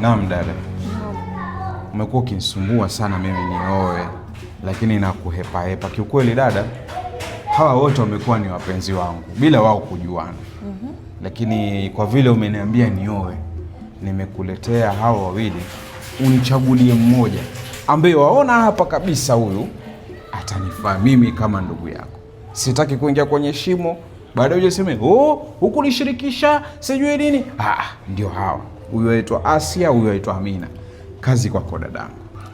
Naam dada, umekuwa ukinisumbua sana mimi nioe, lakini nakuhepahepa kiukweli. Dada, hawa wote wamekuwa ni wapenzi wangu bila wao kujuana. mm -hmm. Lakini kwa vile umeniambia nioe, nimekuletea hawa wawili, unichagulie mmoja ambaye waona hapa kabisa, huyu atanifaa mimi kama ndugu yako. Sitaki kuingia kwenye shimo baada ya seme oh, hukunishirikisha sijui nini. Ah, ndio hawa huyu aitwa Asia, huyu aitwa Amina. Kazi kwako dadangu.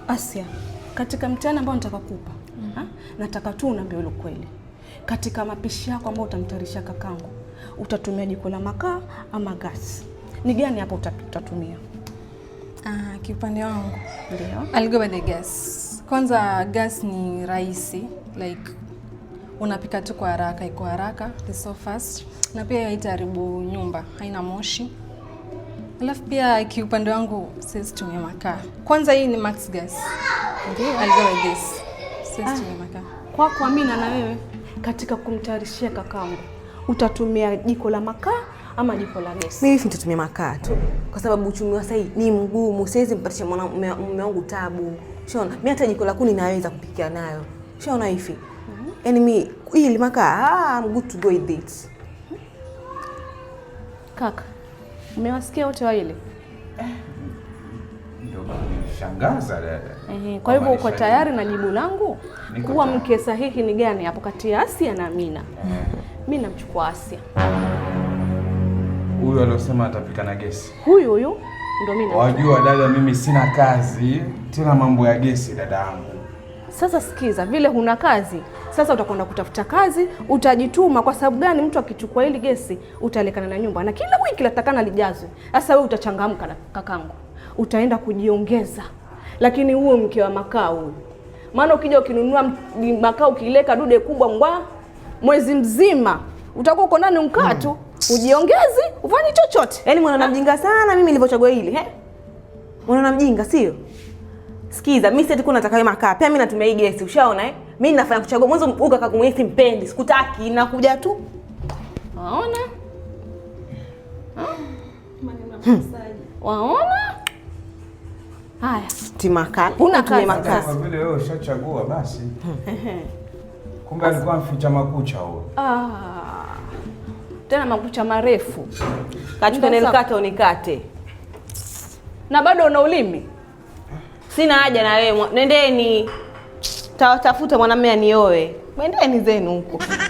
Asia, katika mtihani ambao nataka kukupa mm -hmm. nataka tu unaambie ule kweli, katika mapishi yako ambayo utamtayarisha kakangu, utatumia jiko la makaa ama gasi? Ni gani hapo utatumia? Ah, kiupande wangu ndio I'll go gas. Kwanza gas ni rahisi like unapika tu kwa haraka, iko haraka, it's so fast, na pia haitaharibu nyumba, haina moshi Alafu pia kiupande wangu siwezi tumia makaa. Kwanza hii ni Max Gas. Okay, I'll go with this. ah, na wewe katika kumtayarishia kakangu utatumia jiko la makaa ama jiko la gesi? Mimi nitatumia makaa tu kwa sababu uchumi wa sasa ni mgumu, siwezi mpatisha mume wangu tabu. Unaona? Mimi hata jiko la kuni naweza kupikia nayo. Unaona hivi? Mhm. Yaani mimi hii makaa, ah, I'm good to go with it. Kaka Umewasikia wote wawili? Shangaza dada. kwa hivyo uko tayari na jibu langu kuwa mke sahihi ni gani hapo kati ya Asia na Amina? Eh. Mimi namchukua Asia. Huyu aliosema atapika na gesi, huyu huyu ndio mimi. Wajua dada, mimi sina kazi tena mambo ya gesi, dada sasa sikiza, vile huna kazi sasa, utakwenda kutafuta kazi, utajituma. Kwa sababu gani? Mtu akichukua hili gesi utaelekana na nyumba, na kila wiki latakana lijazwe. Sasa wewe utachangamka, kakangu, utaenda kujiongeza, lakini huo mke wa makaa huyu, maana ukija ukinunua makaa ukileka dude kubwa mbwa, mwezi mzima utakuwa uko ndani mkaa mm. Ujiongezi ufanye chochote. Yaani mwana mjinga ah. sana mimi nilivyochagua hili, he mwana mjinga sio Sikiza, mimi sasa nataka wewe makaa. Pia mimi natumia hii gesi, ushaona eh? Mimi nafanya kuchagua mwanzo mpuka kaka mwenyewe mpendi. sikutaki, nakuja tu. Waona? Hmm. Waona? Haya, timaka. Una kazi Kwa vile wewe ushachagua basi. Kumbe alikuwa mficha makucha huyo. Ah. Tena makucha marefu. Kachukua nilikata unikate. Na bado una ulimi? sina haja na wewe, nendeni tawatafuta mwanamume anioe, mwendeni zenu huko.